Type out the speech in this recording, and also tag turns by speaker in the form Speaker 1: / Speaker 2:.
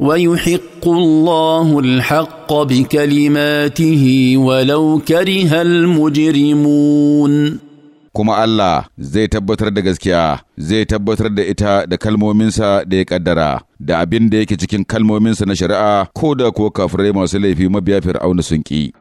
Speaker 1: ويحق الله الحق kalimatihi
Speaker 2: ولو كره المجرمون kuma Allah zai tabbatar da gaskiya zai tabbatar da ita da kalmominsa da ya kaddara da abinda yake cikin kalmominsa na shari'a ko da kuwa kafurai masu laifi mabiya fir'auna sun ƙi.